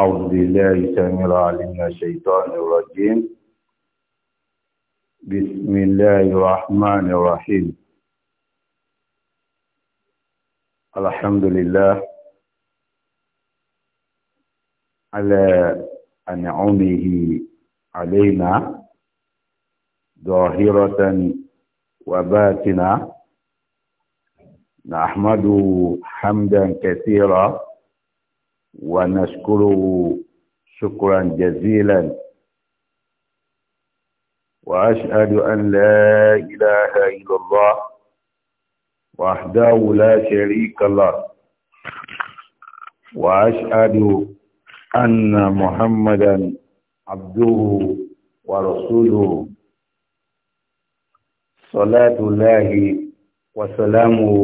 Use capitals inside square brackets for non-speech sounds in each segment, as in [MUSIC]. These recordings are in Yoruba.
أعوذ بالله سميع العليم الشيطان الرجيم بسم الله الرحمن الرحيم الحمد لله على أنعمه علينا ظاهرة وباتنا نحمد حمدا كثيرا ونشكره شكرا جزيلا وأشهد أن لا إله إلا الله وحده لا شريك له وأشهد أن محمدا عبده ورسوله صلاة الله وسلامه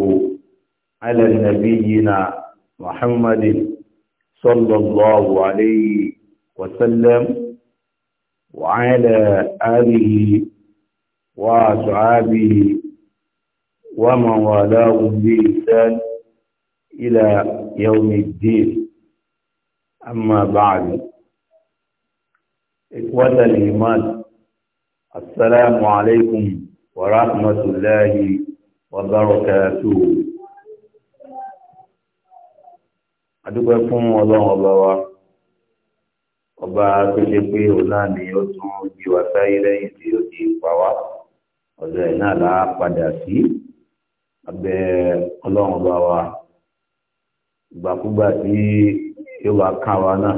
على نبينا محمد صلى الله عليه وسلم وعلى آله وأصحابه ومن والاه بإحسان إلى يوم الدين أما بعد إخوة الإيمان السلام عليكم ورحمة الله وبركاته adúpẹ́ fún ọlọ́run ọba wa ọba tó ṣe pé òun náà ni ó tún jí wa sáyé lẹ́yìn tí ó ti pa wá ọ̀dọ̀ ẹ̀ náà là á padà sí abẹ́ ọlọ́run ọba wa ìgbàkúgbà tí yóò wá kàn wá náà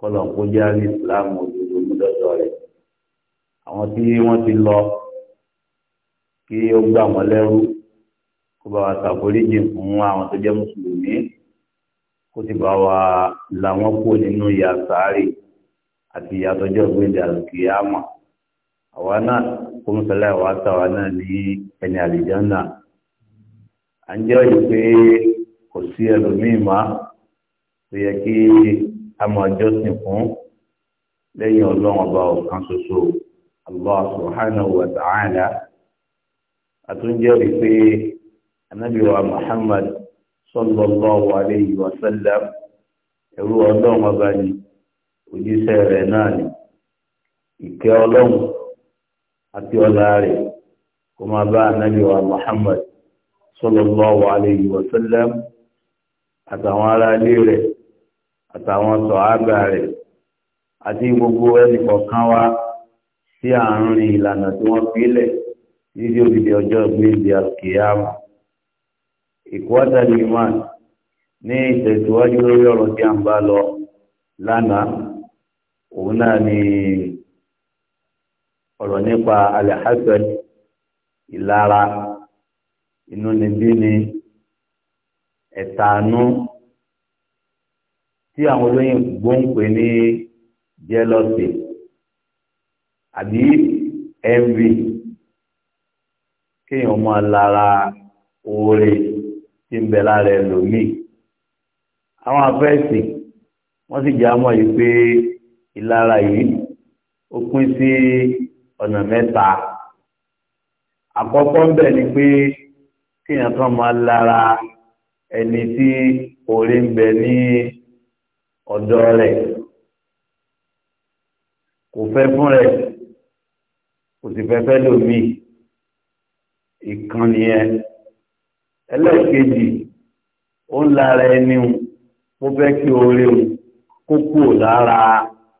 kọ́lọ̀ kó jẹ́ àrí ìsìláàmù òdodo múdọ́dọ̀ rẹ̀ àwọn tí wọ́n ti lọ kí ó gbà wọ́n lẹ́rú kó bá wa ṣàforíjì fún àwọn tó jẹ́ mùsùlùmí kó sì bá wa làwọn kú nínú ìyà sáré àti ìyàtọjọ gbèdé àlùkìyàmà àwa náà kó mọsálà ìwà táwa náà ní ẹni àlìjánà à ń jẹ́ òye pé kò sí ẹlòmíì má tó yẹ kí a máa jọ́sìn fún lẹ́yìn ọlọ́run ọba ọ̀kan ṣoṣo allah subhanahu wa ta'ala àtúnjẹ́rìí pé anábìwa muhammad sallallahu alayhi wa sallam ẹrú ọlọ́run ọba ni òjíṣẹ́ rẹ̀ náà ni ìkẹ́ ọlọ́run àti ọlá rẹ̀ kó máa bá ànábì wa Muhammad sallallahu alayhi wa sallam àtàwọn ará ilé rẹ̀ àtàwọn sọ̀hábà rẹ̀ àti gbogbo ẹnì wa sí àárín ìlànà tí wọ́n fi lẹ̀ nídìí òdìdí ọjọ́ ìgbéǹde àkèyàmọ̀ ìkúwátàlì iman ní ìtẹ̀síwájú lórí ọ̀rọ̀ tí a ń bá lọ lánàá òun náà ni ọ̀rọ̀ nípa alẹ́hásẹ́l ìlara inú níbí ni ẹ̀tàánú tí àwọn olóyìn gbóǹpé ní jẹ́lọ́sì àbí envy kéèyàn máa lára oore tí ń bẹ lára ẹlòmíì àwọn afẹ́ẹ̀sì wọ́n sì jẹ́ àmọ́ yìí pé ìlara yìí ó pín sí ọ̀nà mẹ́ta àkọ́kọ́ ń bẹ ni pé kéèyàn kan máa lára ẹni tí orí ń bẹ ní ọ̀dọ̀ rẹ̀ kò fẹ́ fún rẹ̀ kò sì fẹ́ fẹ́ lòmíì ìkànnì yẹn ẹlẹ́ẹ̀kejì ó ń lára ẹni o mo fẹ́ kí oore o kó kúrò lára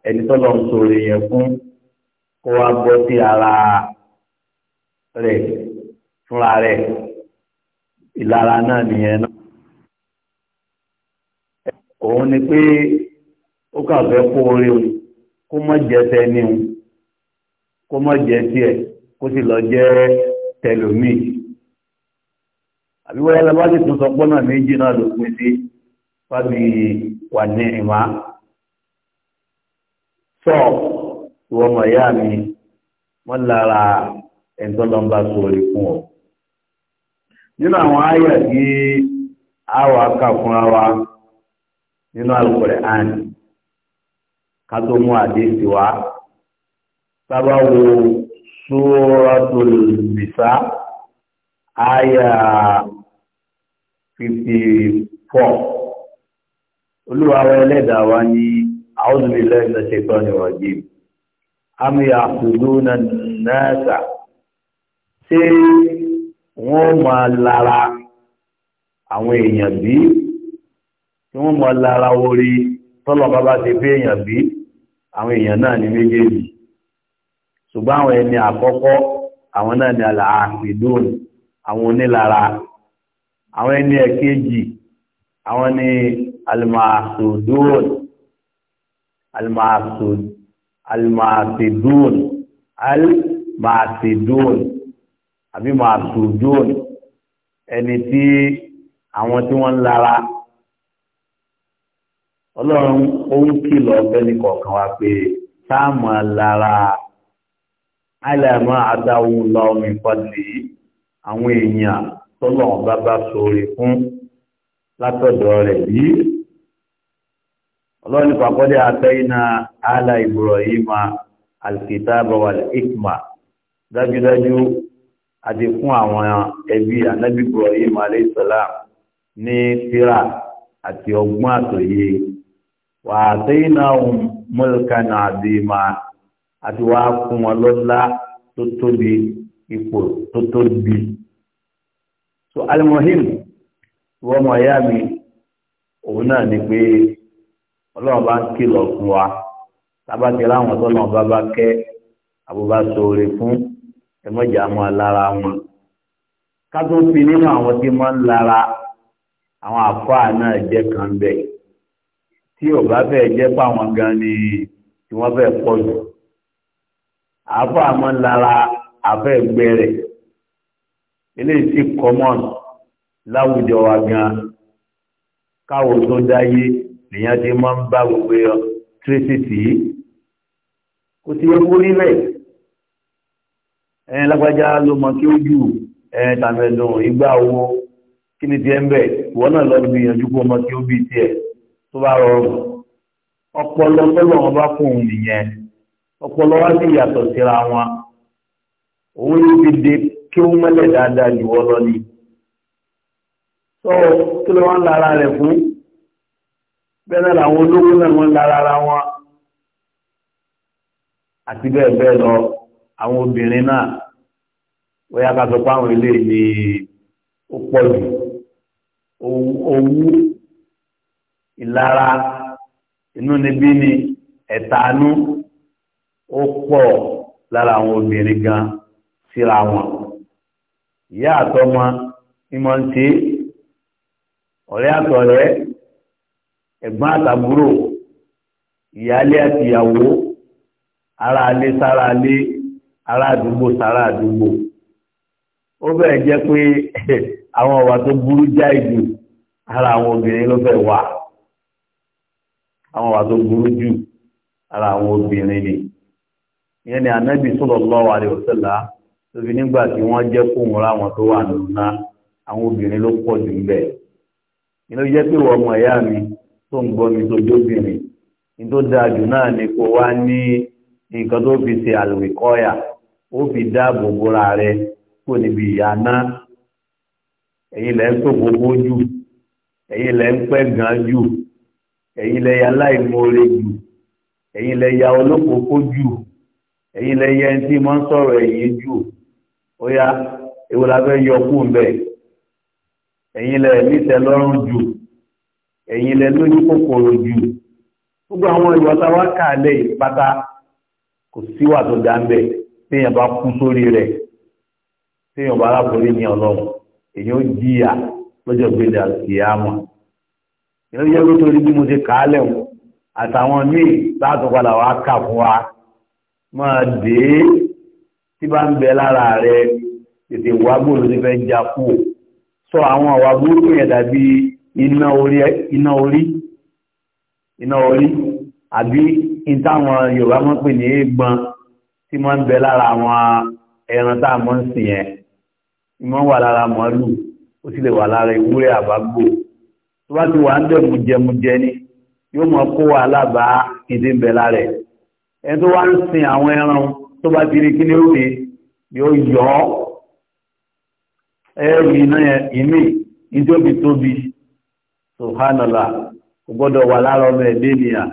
ẹni tọ́lọ́ ń sọ̀rọ̀ yẹn fún kó wá bọ́ sí ara rẹ̀ fúnra rẹ̀ ìlara náà nìyẹn náà òun ni pé ó kà fẹ́ kó oore o kó mọ̀ jẹ́ tẹ́ni o kó mọ̀ jẹ́ tiẹ̀ kó sì lọ jẹ́ tẹlòmíì àbí wọ́n lọ́wọ́ sì tún sọ pọ́nà méjì náà ló pín sí fábí wà ní ìmá sọ ìwọ ọmọ ìyá mi wọ́n lára ẹ̀ńtọ́ lọ ń bá sórí fún ọ nínú àwọn àyà tí a wà kà fúnra wa nínú Al-Qur'an ká tó mú àdéhùn wa sábà wo Suratul Nisa. Aya fifty four olúwa wa ẹlẹ́dàá wa ní a'udhu billahi minash shaitanir rajim am yahsuduna an-nasa ṣé wọ́n máa lára àwọn èèyàn bí tí wọ́n máa lára orí tọ́lọ̀ bábá ti bí èèyàn bí àwọn èèyàn náà ní méjèèjì ṣùgbọ́n àwọn ẹni àkọ́kọ́ àwọn náà ni àlàáfíì dóòlù àwọn onílara àwọn ẹni ẹ̀kejì àwọn ni almasudun almasud almasidun almasidun àbí masudun ẹni tí àwọn tí wọ́n ń lara ọlọ́run ó ń kìlọ̀ ọ̀gbẹ́ni kọ̀ọ̀kan wa pé táàmù alára alẹ́ àdáwò lọ́wọ́ mi pọ̀ sí i àwọn èèyàn tọ́lọ̀ bá bá sóre fún látọ̀dọ̀ rẹ̀ bí ọlọ́ni pàkọ́dé àtẹ́yìnà àlà Ibrahima alkitaba wal hikma dájúdájú àti fún àwọn ẹbí anábì Ibrahim alayhis salam ní tírà àti ọgbọ́n àtòyé wà àtẹ́yìnà ohun mulkan adima àti wàá fún wọn lọ́lá tó tóbi ipò tó tóbi so alimohim wọ́n mọ̀ ẹ̀yà mi òun náà ni pé ọlọ́run bá ń kìlọ̀ fún wa tábàtì láwọn tọ́lọ́run bá bá kẹ́ àbúbá sóore fún ẹmọ́jà máa lára wọn ká tó fi nínú àwọn tí máa ń lára àwọn àfáà náà jẹ́ kan bẹ̀ tí ò bá fẹ́ jẹ́ fáwọn gan ni tí wọ́n fẹ́ pọ̀ jù àfáà máa ń lára abẹ́ ẹgbẹ́ rẹ̀ eléyìí sì common láwùjọ wa gan káwo tó dáyé lèyàn ti máa ń bá gbogbo tírísìtì yìí kò sí ewu nílẹ̀ ẹ̀yìn lágbájá ló mọ kí ó jù ẹ̀yìn tàmẹ̀dùn ìgbà owó kí ni tiẹ̀ ń bẹ̀ ìwọ náà lọ gbìyànjú kó mọ kí ó bí tiẹ̀ tó bá rọrùn ọpọlọ tọ́lọ̀ wọn bá fún òun nìyẹn ọpọlọ wá sí ìyàtọ̀ síra wọn òun ní fi de kí ó mọ́lẹ̀ dáadáa jù ọ lọ ni sọ kí ló wọ́n lára rẹ̀ fún bẹ́ẹ̀ náà làwọn olówó náà wọ́n lára ara wọn àti bẹ́ẹ̀ bẹ́ẹ̀ lọ àwọn obìnrin náà wọ́n yá sọ pé àwọn ilé ni ó pọ̀ jù owú ìlara inú níbí ni ẹ̀tanú ó pọ̀ lára àwọn obìnrin gan-an síra wọn ìyá àtọmọ ìmọ̀ ń ṣe ọ̀rẹ́ àtọ̀rẹ́ ẹ̀gbọ́n àtàbúrò ìyálé àti ìyàwó ará alé sára alé ará àdúgbò sára àdúgbò ó bẹ̀rẹ̀ jẹ́ pé [LAUGHS] àwọn ọ̀wà tó burú jáì jù ara àwọn obìnrin ló fẹ́ wà àwọn ọ̀wà tó burú jù ara àwọn obìnrin ni ìyẹn ni ànábì sallallahu alaihi wasallam lóbi nígbà tí wọ́n jẹ́ kóhun láwọn tó wà nínú náà àwọn obìnrin ló pọ̀ jù ń bẹ̀. ìlú jẹ́ pé wọ́n ọmọ ìyá mi tó ń gbọ́ mi tó jóbìnrin ní tó dáa jù náà ni kó wá ní nǹkan tó fi ṣe àlùwìkọ́yà ó fi dáàbò bóra rẹ kó níbi ìyá náà ẹ̀yin lẹ́ ń tó gbogbo jù ẹ̀yin lẹ́ ń pẹ́ gan jù ẹ̀yin lẹ́ ya láìmoore jù ẹ̀yin lẹ́ ya olókòókó jù ẹ̀yin lẹ́ ya ẹni tí mo ń sọ̀rọ̀ ẹ̀yìn jù ó yá èwo la fẹ́ yọ kú bẹ́ẹ̀ ẹ̀yin lẹ nítẹ́ lọ́rùn jù ẹ̀yin lẹ lójú kòkòrò jù gbogbo àwọn ìwà tá wá kà lẹ̀ pátá kò síwà tó dá ń bẹ̀ téèyàn bá kú sórí rẹ̀ téèyàn bá aláborí ní ọlọ́run èyàn ó jìyà lọ́jọ́ gbélé àkìyàmọ̀ ìlú yẹ kó torí bí mo ṣe kà á lẹ̀wọ̀n àtàwọn míì láti padà wá kà fún wa máa dé tí bá ń bẹ lára rẹ tètè wá gbòòrò ti fẹ́ já kú sọ àwọn àwa burúkú yẹn dàbí iná orí iná orí àbí ìtàwọn Yorùbá mọ́ pè ní eégbọn tí mọ́ ń bẹ lára àwọn ẹran tá a mọ́ ń sìn yẹn ìmọ̀ wà lára màálù ó sì lè wà lára ewúrẹ́ àbágbò tó bá ti wà ń dẹ̀mú jẹmújẹ ni yóò mọ̀ kó wà lábàá ìdí ń bẹ lára ẹ̀ ẹni tó wá ń sin àwọn ẹran tó bá ti rí kí ní òde yóò yọ ọ́ ẹrù iná ìmí ìjọbi tóbi subhanallah kò gbọ́dọ̀ wà lára ọmọ ẹ̀dẹ́ ènìyàn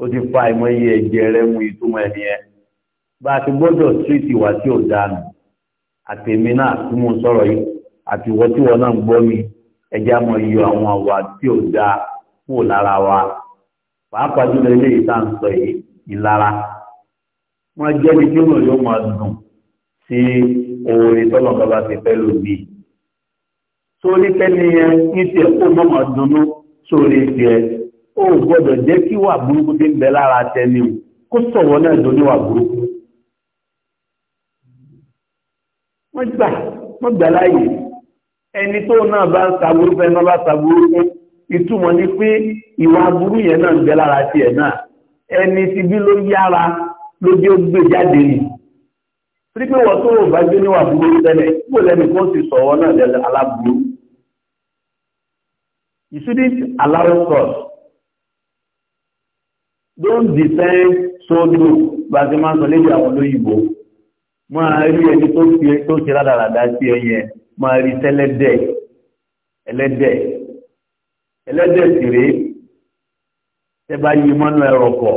ó ti fa ìmọ̀ iye ẹ̀jẹ̀ rẹ mú ìtumọ̀ ẹni ẹ bá ti gbọ́dọ̀ tírìtì wá sí ọ̀daràn àtẹ̀mí náà tí mo sọ̀rọ̀ yìí àti ìwọ́n tí wọ́n náà gbọ́ mi ẹjẹ́ àmọ́ iyọ̀ àwọn àwà tí ò dáa kúrò lára wa pàápàá jùlọ ilé ìta ń sọ yìí ìlara wọ́n jẹ́ ní kí wọ́n yóò máa dùn sí oore tọ́lọ̀ bàbá ti fẹ́ lòmí sórí pẹ́ni yẹn ní tiẹ̀ kó mọ́ máa dunnú sórí tiẹ̀ ó gbọ́dọ̀ jẹ́ kí wà burúkú tí ń bẹ lára tẹni o kó sọ̀wọ́ náà dùn níwà burúkú wọ́n gbà wọ́n gbà láàyè ẹni tó náà bá ń saburú fẹ́ náà bá saburú fún ìtumọ̀ ni pé ìwà burú yẹn náà ń bẹ lára tiẹ̀ náà ẹni ti bí ló yára lójú ó gbé jáde ni torí pé wọ́n tó bá gbé níwà fún lórí tẹ́lẹ̀ kúrò lẹ́nu kó sì sọ̀rọ̀ náà lẹ́lẹ́ aláburú you shouldn't allow us don't defend sódò bá ti máa ń sọ lébi àwọn olóyìnbó máa rí ẹni tó fi tó ṣe rádaràdá sí ẹyẹ máa rí tẹ́lẹ́dẹ̀ ẹlẹ́dẹ̀ ẹlẹ́dẹ̀ sì rèé tẹ́ bá yí mọ́nú ẹ̀rọ kọ̀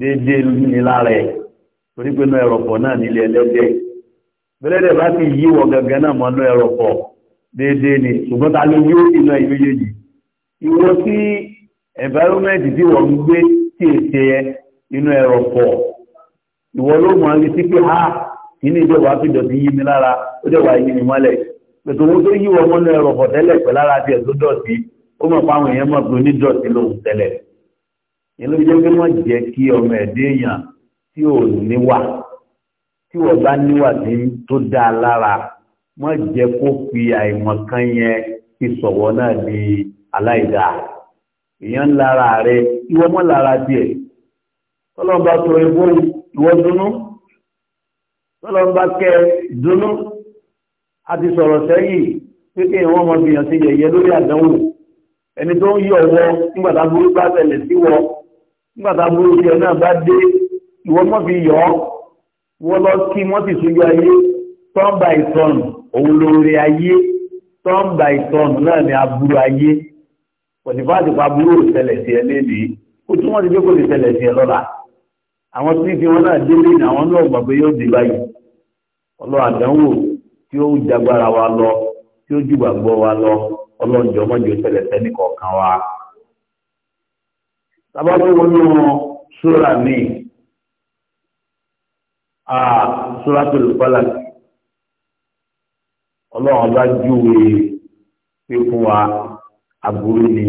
dédé nílá rẹ̀ torí pé náà ẹ̀rọ̀pọ̀ náà nílé ẹlẹ́dẹ̀ bẹ́lẹ́dẹ̀ bá ti yí wọ gẹ́gẹ́ náà mọ́ náà ẹ̀rọ̀pọ̀ dédé ni ṣùgbọ́n ta ló yóò iná ìméjèèjì ìwọ sí environment tí wọ́n ń gbé tí èsè ẹ inú ẹ̀rọ̀pọ̀ ìwọ ló mọ̀ ní sí pé ha inú ìjọba fi dọ̀tí yí mi lára ó dẹ̀ wá yí mi mọ́lẹ̀ pẹ̀tù owó tó yí wọ́n mọ́ ẹ̀rọ̀pọ̀ tẹ́lẹ̀ pẹ̀ lára tiẹ̀ tó dọ̀tí ó mọ̀ pàwọn èèyàn mọ̀ pé onídọ̀tí lòun tẹ́lẹ̀ ìlú jẹ́ pé wọ́n jẹ́ kí ọmọ ẹ̀dẹ́ èèyàn tí ò níwà tí wọ́n bá níwà tó dá a lára wọ́n jẹ́ kó fi àìmọ̀kan yẹn fi sọ̀wọ́ náà di aláìdá èèyàn lára rẹ ìwọ mọ́ lára tiẹ̀ tọ́lọ́mbà tó ebó ìwọ dúnú tọ́lọ́mbà kẹ dúnú a ti sọ̀rọ̀ sẹ́yìn pé kí wọ́n mọ bìyànjú yẹ̀yẹ́ lórí àdánwò ẹni tó ń yọ̀ wọ nígbàtà burúkú àtẹlẹ̀ sí wọ nígbàtà burú tiẹ̀ náà bá dé ìwọ mọ́ fi yọ̀ ọ́ wọ́n lọ kí wọ́n sì sójú ayé turn by turn òun lóore ayé turn by turn náà ni aburú ayé pọ̀tìfáàtì pa aburú ò ṣẹlẹ̀ sí ẹ lélẹ̀ ó tún wọ́n ti dé kò lè ṣẹlẹ̀ sí ẹ lọ́la àwọn tí fi wọn náà délé ní àwọn náà gbàgbé yóò dé báyìí ọlọ́ àdánwò tí ó jagbára wa lọ tí ó jùgbàgbọ́ wa lọ ọlọ́njọ́ mọ́jọ́ ṣẹlẹ̀ sẹ́nì kọ̀ọ̀kan wa tàbá tó wọnú ṣúra ní ṣúra tó lè pálá ọlọ́run bá júwe pé wa aburú ni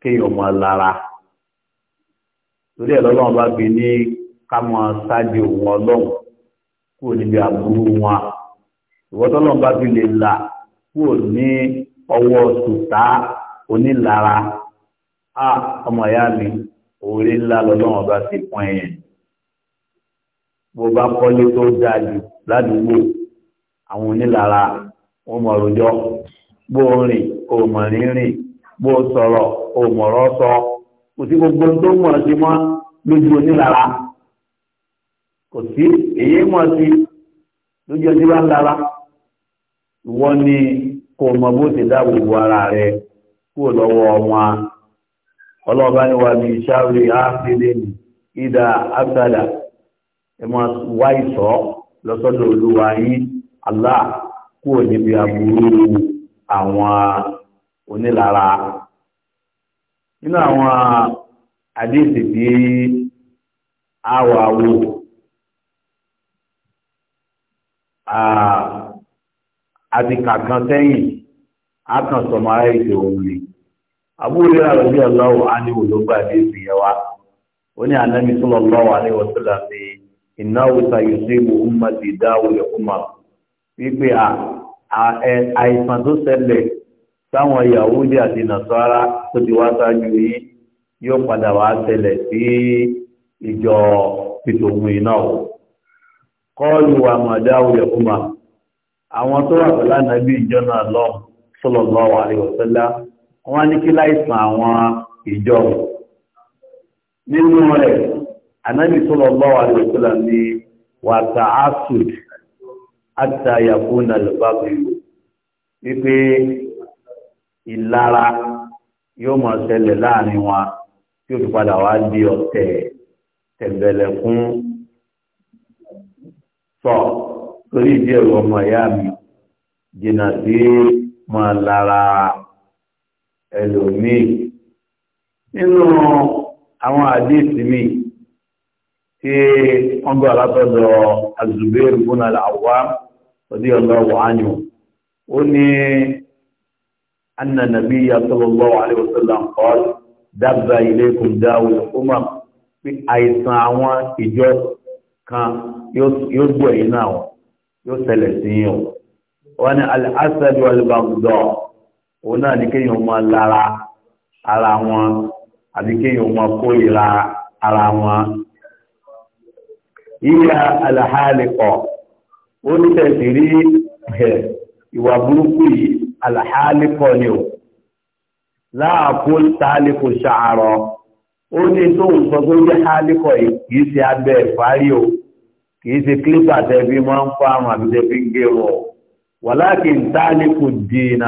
kéèyàn máa lára torí ẹ̀ lọ́lọ́run bá fi ní ká máa ṣáájú òun ọlọ́run kúrò níbi aburú wọn ìwọ́tọ́lọ́run bá fi lè là kúrò ní ọwọ́ sùtá onílara a ọmọ ìyá mi orí ńlá lọ́lọ́wọ́n bá ti pọn ẹ̀yẹn bó bá kọ́lé tó dáa jù ládùúgbò àwọn onílára wọn mọ̀ rojọ́ bó rìn kò mọ̀ rírìn bó sọ̀rọ̀ kò mọ̀rọ̀ sọ kò sí gbogbo tó mọ̀ sí mọ́ lójú onílára kò sí èyí mọ̀ sí lójú ọdí bá wọ́n ní kò mọ̀ bó ti dáàbò bo ara rẹ̀ kúrò lọ́wọ́ wọn ọlọ́ọ̀bá ni wà ní ìṣàrí áfílẹ̀ ní ìdá abdala ẹmọ wá ìṣọ́ lọ́sọ́dọ̀ olúwa yín Allah kúrò níbi aburú àwọn onílára nínú àwọn àdéhìsì tí àwọ̀ àwò àti sẹ́yìn a ara ìṣòro rèé àbúrò àròbí ọlọ́wọ́ aníwò ló gbà dé sí ẹwà ó ní ànábi sọ́lọ́ lọ́wọ́ aníwò sọ́lá pé iná wùsà yóò ṣe ìwò ọmọ ti dá òye kúmà wípé àìsàn tó ṣẹlẹ̀ sáwọn Yahudi àti Nasara tó ti wá sáájú yìí yóò padà wá ṣẹlẹ̀ sí ìjọ ìtòhun iná kọ́ọ̀lù àmọ̀dá òye kúmà àwọn tó wà pẹ̀lú ànábi ìjọ náà lọ sọ́lọ́ lọ́wọ́ aníwò sọ́lá wọ́n ní kí láìsàn àwọn ìjọ nínú rẹ̀ anábì sallallahu alaihi wasallam ní wàtà asud àti àyàfún alùbábìlú wípé ìlara yóò máa ṣẹlẹ̀ láàrin wa tí ó fi padà wá di ọ̀tẹ̀ tẹ̀bẹ̀lẹ̀ fún sọ torí ìdí ẹ̀rọ ọmọ ìyá mi jìnnà sí máa lára ẹlòmíì nínú àwọn àdíìsì mi tí wọ́n gbọ́ alátọ́dọ̀ Az-Zubair ibn al-Awwam radiyallahu anhu ó ní anna nabiyya sallallahu alayhi wa sallam qala dabba ilaykum da'wal umam pé àìsàn àwọn ìjọ kan yóò gbọ́ ẹ̀yìn náà yóò ṣẹlẹ̀ sí yín wọ́n ní al-asad òun náà ní kéèyàn mọ lára ara wọn àbí kéèyàn mọ kórìíra ara wọn ìyá àlàhálẹ̀kọ̀ ó ní tẹ̀sí rí ìwà burúkú yìí àlàhálẹ̀kọ̀ ni ò láàkó tàálẹ̀kọ̀ ṣàárọ̀ ó ní sọ tó jẹ́ hálẹ̀kọ̀ kìí ṣe abẹ́ ìfárí o kìí tẹ́bí ń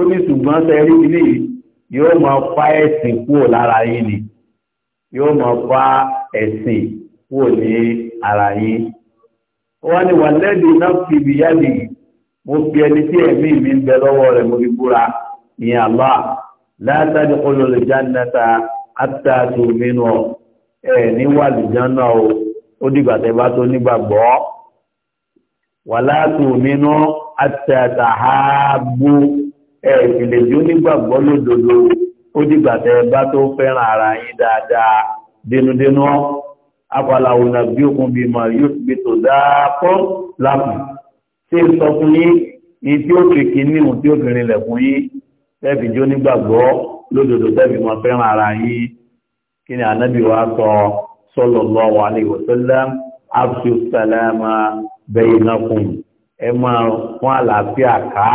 ó ní ṣùgbọ́n sẹ́rí ilé yóò máa fá ẹ̀sìn kúrò lára yín ni yóò máa fá ẹ̀sìn kúrò ní ara yín wọ́n ní wà lẹ́dí náà fi ibi yáàdì mo fi ẹni tí ẹ̀mí mi ń bẹ lọ́wọ́ rẹ̀ mo fi búra ní àlá látàdí olùjánata àtàtù mínú ẹ̀ níwà lùjánà o ó dìgbà tẹ́ bá tó nígbàgbọ́ wà látù mínú àtàtà ààbò ìpìlẹ̀ tí ó nígbàgbọ́ lódodo ó dìgbà tẹ bá tó fẹ́ràn ara yín dáadáa dénúdénú afalawo na bí okun bí mọ yóò fi tó dáàpọ̀ lápù tí ń sọ fún yín ní tí ó fi kíní ohun tí ó fi rinlẹ̀ fún yín tẹ́ẹ̀fì jó nígbàgbọ́ lódodo tẹ́ẹ̀fì mọ fẹ́ràn ara yín kí ni ànábì wa sọ sallallahu alaihi wasallam afṣu salama bainakum ẹ máa fún àlàáfíà ká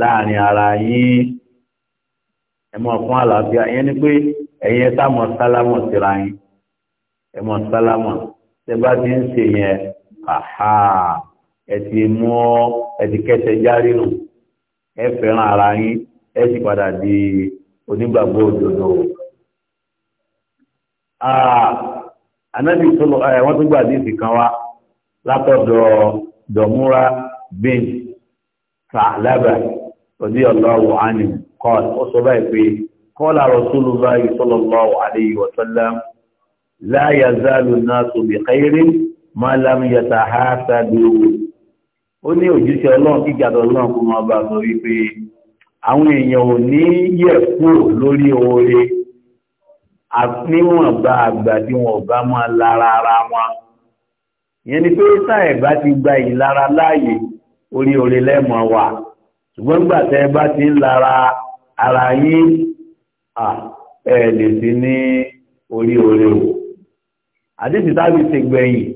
láàrin ara yín ẹmọ fún àlàáfíà ìyẹn ni pé ẹ̀yin ẹ sáà mọ sálámọ̀ síra yín ẹmọ sálámọ̀ tẹ bá ti ń ṣe yẹn àhà ẹ mú ọ ẹ ti járí nù ẹ fẹ́ràn ara yín ẹ sì padà di onígbàgbọ́ òdodo. Ànábì tó lọ ẹ̀ wọ́n tún gbà díìsì kan wá látọ̀dọ̀ Dọ̀múra bin Sàlábà rọ̀dí ọlọ́wọ̀ ánì kọ́l ó sọ báyìí pé kọ́lá rọ̀súlù báyìí sọ́lọ́lọ́wọ̀ àlẹ́yìí wọ̀tọ́lá láyà záàlù náà tó bí kẹ́rì máa lámú yàtà ha sáàdù ó ní òjíṣẹ́ ọlọ́run kíkà ọlọ́run kó máa bá sọ wípé àwọn èèyàn ò ní yẹ̀ kúrò lórí oore níwọ̀n bá ara wọn ìyẹn ni pé táyẹ̀ bá ti gba ìlara láàyè orí oore lẹ́mọ̀ wà ṣùgbọ́n nígbà tẹ́ ẹ bá ti ń lara ara yín ẹ lè sí ní orí oore o àdéhùn tábí ti gbẹ̀yìn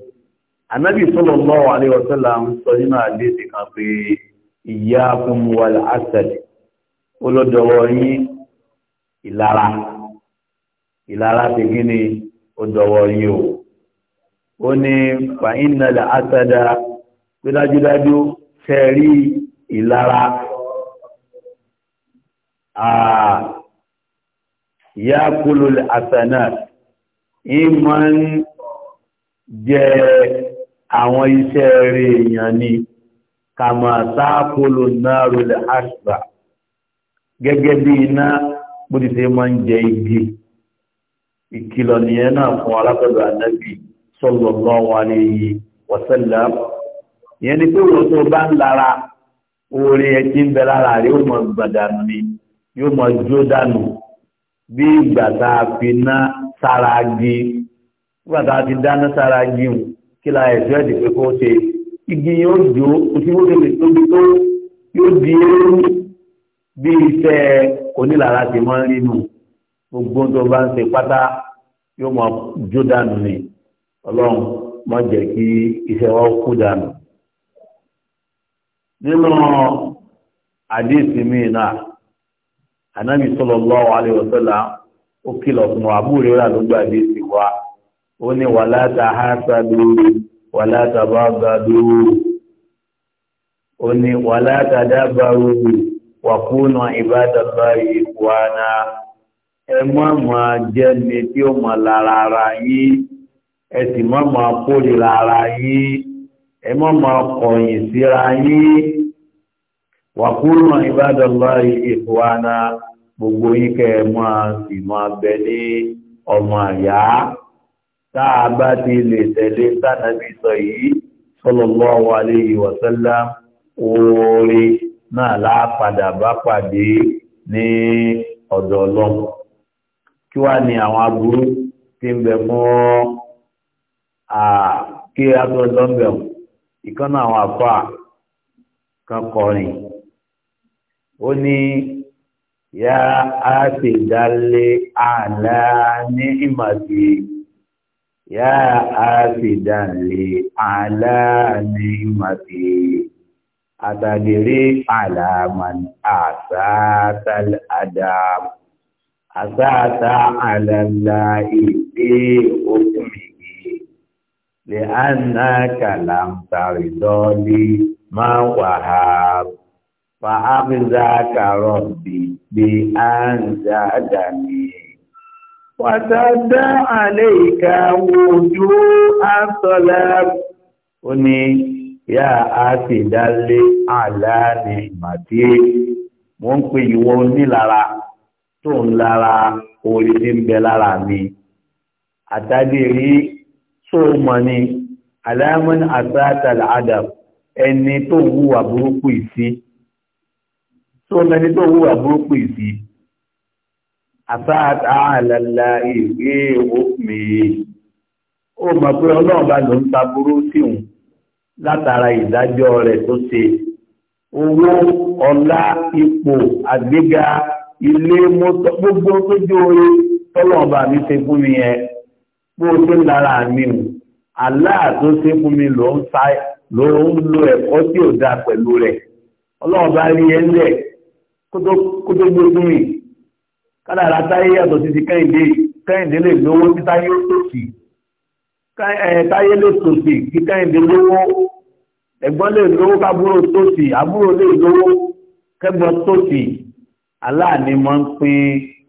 ànábì sallallahu alaihi wasallam ń sọ nínú àdéhùn kan pé iyyakum wal asad olódọ̀wọ́ yín ìlara ìlara ti kí ni ó yín o ó ní fàínàlà àtàdà pé dájúdájú fẹ́ ìlara Ah. ya kúlù àsànà ìmọ̀ ń jẹ àwọn iṣẹ́ rí èèyàn ni kàmà sáàkúlù náà rúlẹ̀ àṣìbà gẹ́gẹ́ bí iná bódìsẹ́ máa ń jẹ igi ìkìlọ̀ nìyẹn náà fún alákọ̀ọ́dọ̀ ànábì sallallahu alayhi wa sallam ìyẹn ni pé wọ́n tó bá ń lára oore ẹjí yóò mọ jó dànù bí ìgbà tá a fi ná sára gi nígbà tá a ti dáná sára gi hù kí la ẹ̀sùn ẹ̀dì pé kó ṣe igi yóò jó oṣù wo lè tóbi tó yóò di eérú bí iṣẹ́ onílára ti mọ́ nínú gbogbo tó bá ń ṣe pátá yóò mọ jó dànù ni ọlọ́run mọ jẹ́ kí iṣẹ́ wa kú dànù nínú àdéhùn mi náà anábì sallallahu alaihi wasallam ó kìlọ̀ fún wa àbúrò rà ló gbàdé sí wa ó ní wala tahasadu wala tabagadu ó ní wala tadabaru wa kunu ibadallahi ikhwana ẹ má máa jẹ́ ni tí ó mọ̀ lára ara yín ẹ sì má máa kórìíra ara yín ẹ má máa kọ̀yìn síra yín wàkúrùmọ̀ ìbádọ́lá ìfúwánà gbogbo yín kẹ́ ẹ máa sì máa bẹ ní ọmọ àyá tá a bá ti lè tẹ̀lé sánàbí sọ yìí sallallahu alayhi wa sallam oore náà láàpadà bá pàdé ní ọ̀dọ̀ ọlọ́run kí wá ní àwọn aburú tí ń bẹ fún kí a tó lọ́mbẹ̀ọ́ ìkànnà àwọn àfáà kan kọrin ó ní yá á sì dálé àlá ní ìmàdí yá á sì dálé àlá ní ìmàdí àtàgèrè àlàmàn àsátàl àdàm àsátà àlàlà ìdí òkúmìgì lè á náà kàlàm tàrí dọ́ọ̀lì máa wà fàáfíìzà kàrọ̀ bí bí a ń jà dàní. Wàtàdá àlẹ́ ìka wojú àtọ́lá ó ní yá a ti dálé àlàní màtí. Mo ń pè ìwọ onílara tó ń lára orí tí ń bẹ lára mi. Àtàdérí tó mọ̀ ni àlámọ́ni àtàtàlá àdàb ẹni tó wúwà burúkú ìsí tó mẹni tó wúwà burúkú ìsì àtàtà àlàlà ìwé òpè ó mọ̀ pé ọlọ́run bá ló ń ta burú síhùn látara ìdájọ́ rẹ̀ tó ṣe owó ọlá ipò àgbéga ilé mọ́tò gbogbo tó jó orí tọ́lọ́run mi ṣe fún mi yẹn bó o ṣe ń lára mi hù aláà tó ṣe fún mi ló ń lo ẹ̀kọ́ tí ò dáa pẹ̀lú rẹ̀ ọlọ́run bá rí ẹ lẹ́ẹ̀ kótó gbogbo rìn kádàrá táyé yàtọ̀ sí ti kẹ́hìndé kẹ́hìndé lè lówó tí táyé ó tòṣì táyé lè tòṣì kí kẹ́hìndé lówó ẹ̀gbọ́n lè lówó kábúrò tòṣì àbúrò lè lówó kẹ́gbọ́n tòṣì aláàní mọ́ ń pín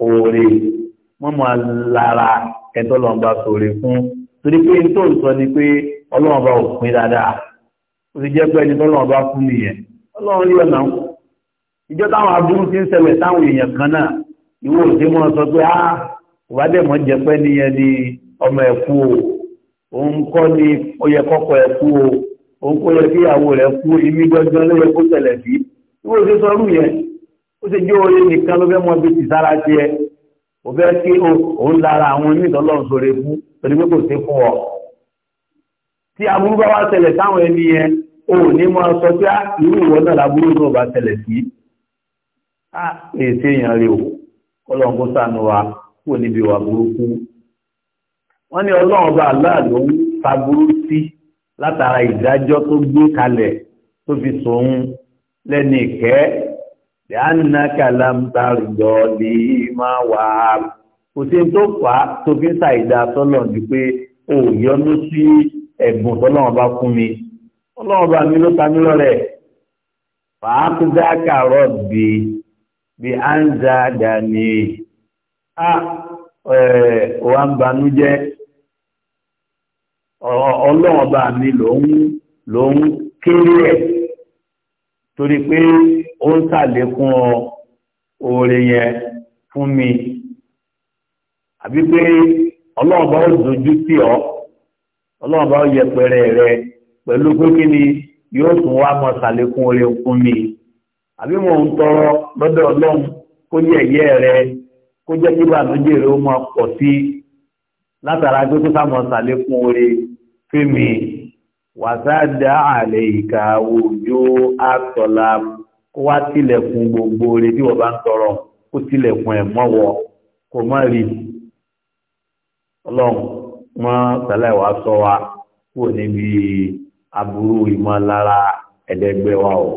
oore wọ́n mọ́ lára ẹ̀tọ́ lọ́nba sóore fún torí pé n tó ń sọ ni pé ọlọ́run bá òpin dáadáa ó ti jẹ́ pé ẹni tọ́lọ́run bá fún nìyẹn ọlọ́run rí ọ̀nà ìjọ táwọn aburú ti ń ṣẹlẹ̀ táwọn èèyàn kan náà ìwọ òsè mọ́ sọ pé á ìwádẹ́mọ̀ jẹ́pẹ́ níyẹn ni ọmọ ẹ̀kú o òun kọ́ ni ó yẹ kọ́kọ́ ẹ̀kú o òun kó yẹ kíyàwó rẹ̀ kú imí gbọ́ngàn ló yẹ kó ṣẹlẹ̀ sí ìwọ òsè sọrú yẹn ó sì jẹ́ oore nìkan ló fẹ́ mọ bí ti sára ti ẹ ò fẹ́ kí òun lára àwọn onítọ́lọ́run sọ̀rọ̀ fún torí pé kò sí fún ọ tí aburú bá wá ṣẹlẹ̀ táwọn ẹni yẹn ò ní mọ sọ pé irú ìwọ náà laburú náà bá ṣẹlẹ̀ sí á ah, èsì èèyàn rè o ọlọ́run kó sànù wa kúrò níbi wà burúkú wọ́n ní ọlọ́run bá aláàlú ń fa burú sí látara ìdájọ́ tó gbé kalẹ̀ tó fi sòun lẹ́ni ìkẹ́ lẹ́ánà kàlámtà rìndọ̀ lè máa wà á kò sí tó fà á tó fi ń ṣàìdá sọ́lọ̀ ju pé o ò yọnu sí ẹ̀bùn tọ́lọ́run bá fún mi ọlọ́run bá mi ló ta mí lọ́rẹ̀ fàákúdákà rọ̀ bíi. bí a ń za dàní a wà ń banújẹ́ ọlọ́ọ̀bá mi ló ń kéré ẹ̀ torí pé ó ń sàlékún oore yẹn fún mi àbí pé ọlọ́ọ̀bá ó dojú sí ọ ọlọ́ọ̀bá ó pẹ̀rẹ̀ rẹ pẹ̀lú pé kí ni yóò tún wá mọ̀ sàlékún oore fún mi. àbí mò ń tọrọ lọ́dọ̀ ọlọ́run kó jẹ́ ẹ̀yẹ́ rẹ kó jẹ́ kí ìbànújẹ́ rẹ ó máa pọ̀ sí látara pé kó sáà mọ̀ sàlékún oore fíìmì wàsáàdà àlẹ́ ìka òjò àtọ̀là kó wá tilẹ̀kùn gbogbo oore tí wọ́n bá ń tọrọ kó tilẹ̀kùn ẹ̀ mọ́wọ́ kó má rí ọlọ́run mọ́ sàlẹ̀ wàá sọ wa kúrò níbi aburú ìmọ̀lára ẹ̀dẹ́gbẹ́ wa o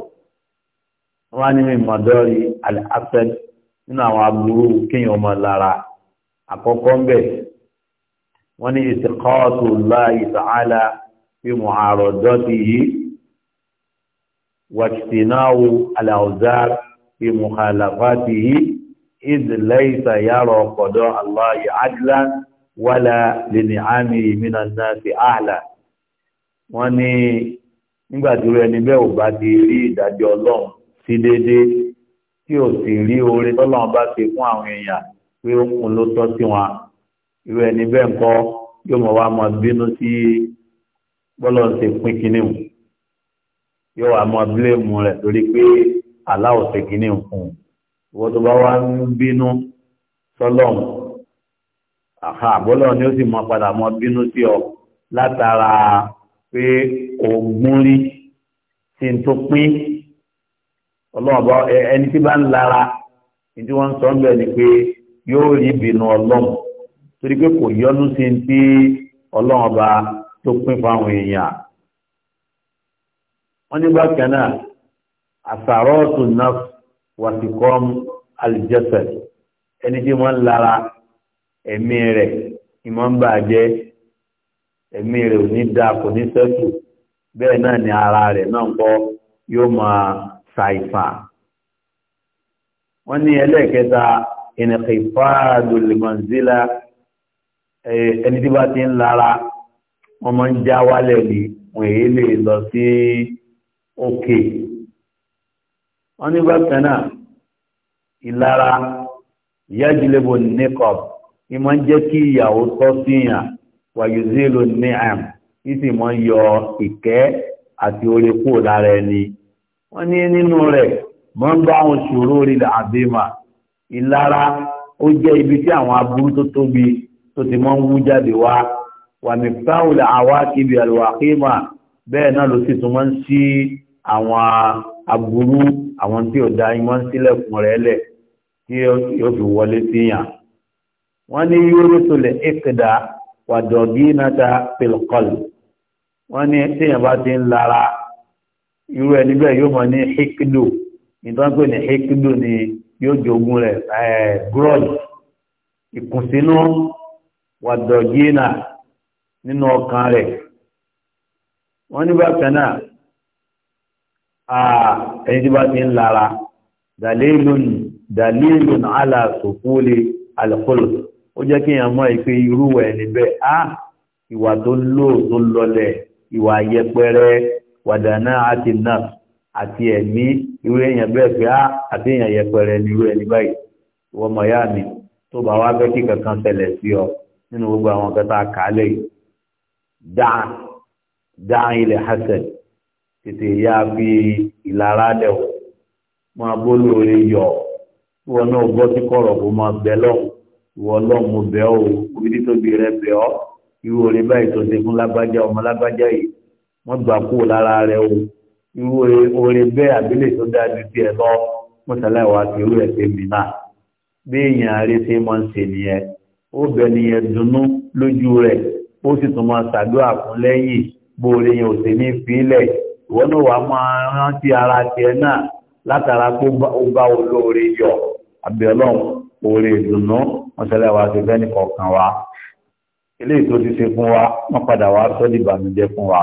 wọ́n ní mi mọ̀dọ́rí al-afẹ́d nínú àwọn aburú kéèyàn ọmọ lára àkọ́kọ́ ń bẹ̀ wọ́n ní ìsìnkọ́ọ̀tù Allahi ta'ala fi mu'aradatihi wàjtìnáwó al-awzar fi mukhalafatihi idh laysa yara qada Allahi adlan wala lini'ami minan nasi ahla wọ́n ní nígbàdúró ẹni bẹ́ẹ̀ ò bá ti rí ìdájọ́ ọlọ́run sí déédéé tí ò sì rí oore tọ́lọ́run bá ṣe fún àwọn èèyàn pé ó kún ló tọ́ sí wọn irú ẹni bẹ́ẹ̀ ńkọ́ yóò mọ̀ wá mọ bínú sí bọ́lọ̀ ṣe pín kínní o yóò wá mọ bílẹ̀mù rẹ̀ torí pé aláwọ̀ ṣe kínní o fún un ìwọ́n tó bá wá ń bínú sọ́lọ́run àhà bọ́lọ̀ ni ó sì mọ padà mọ bínú sí ọ látara pé ògún rí sí tó pín ọlọ́run bá ẹni tí bá ń lara ní tí wọ́n ń sọ ń bẹ̀ ni pé yóò rí ìbínú ọlọ́run torí pé kò yọnu sí ti ọlọ́run bá tó pín fáwọn èèyàn wọ́n ní bákan náà àsàrọ́ọ̀tù náà wàtíkọ́m ẹni tí wọ́n ń lara ẹ̀mí rẹ̀ ìmọ̀ ń bàjẹ́ ò ní dáa kò ní sẹ́kù bẹ́ẹ̀ náà ni ara rẹ̀ náà ń kọ́ yóò máa Saifa. wọ́n ní ẹlẹ́ẹ̀kẹta ìnìkìfáàdù lèmọ̀nsílá ẹni tí bá ti ń lára wọ́n máa ń já wálẹ̀ ní wọ́n èyí lè lọ sí òkè wọ́n ní bákan náà ìlara yájúlébò nìkọ̀b ni máa ń jẹ́ kí ìyàwó tọ́ síyàn wàyùzílò ní àm ìsì máa ń yọ ìkẹ́ àti orí kúrò lára ẹni wọ́n ní nínú rẹ̀ mọ́ ń bá àwọn ṣòro rí àbímà ìlara ó jẹ́ ibi tí àwọn aburú tó tóbi tó ti mọ́ ń wú jáde wá wà ní fáwọlẹ̀ àwa kíbi àlùwàkímà bẹ́ẹ̀ náà ló sì tún mọ́ ń sí àwọn aburú àwọn tí ò dá imọ́ ń sílẹ̀kùn rẹ̀ lẹ̀ tí yóò fi wọlé síyàn wọ́n ní yóò tó lè ẹ̀kẹ́dà wàdọ̀gí náà ta pèlùkọ́lù wọ́n ní tíyàn bá ti ń lara irú ẹni bẹ́ẹ̀ yóò mọ̀ ní hikdo ìtọ́jú ní hikdo ni yóò jogun rẹ̀ grudge ìkùnsínú wàdọ̀gínà nínú ọkàn rẹ̀ wọ́n ní bákan náà ẹni tí bá ti ń lara dalilun dalilun ala sukuli alkhulq ó jẹ́ kí èèyàn mọ̀ ìpé irú ẹ̀ níbẹ̀ á ìwà tó lò lọlẹ̀ ìwà yẹpẹrẹ wàdànà àti náà àti ẹ̀mí irú èèyàn bẹ́ẹ̀ pé á ah, àti èèyàn yẹpẹrẹ ní irú ẹni báyìí wọ́n mọ̀ yá mi tó bá wá fẹ́ kí kankan ṣẹlẹ̀ sí ọ nínú gbogbo àwọn kẹta àkàálẹ̀ yìí dáa dáa ilẹ̀ hasan tètè yá fi ìlara dẹ̀wọ̀ máa bó lóore yọ̀ ìwọ náà gbọ́ sí kọ̀rọ̀ kó máa bẹ lọ́hùn ìwọ lọ́hùn mo bẹ̀ ọ́ o òbí tó bí rẹ bẹ̀ ọ́ irú orin báyìí tó ṣe fún lágbájá ọmọ lágbájá yìí wọ́n gbà kú lára rẹ̀ o irú orin bẹ́ẹ̀ àbílẹ̀ tó dájú sí ẹ lọ mọ́sálàí wa ti irú ẹ̀ ṣe mí náà bí èèyàn àárẹ̀ ṣe máa ń ṣe nìyẹn ó bẹ̀ nìyẹn dunnú lójú rẹ̀ ó sì tún máa ṣàdúrà fún lẹ́yìn bó o lè yàn ò sí ní ìpínlẹ̀ ìwọ náà wàá máa rántí ara tiẹ̀ náà látara pé ó bá wo lóore yọ àbí ọlọ́run ìdùnnú mọ́sálàí wa ti fẹ́ nìkan kan wa eléyìí tó ti ṣe fún wa wọ́n padà wá sọ́ dìbànújẹ́ fún wa.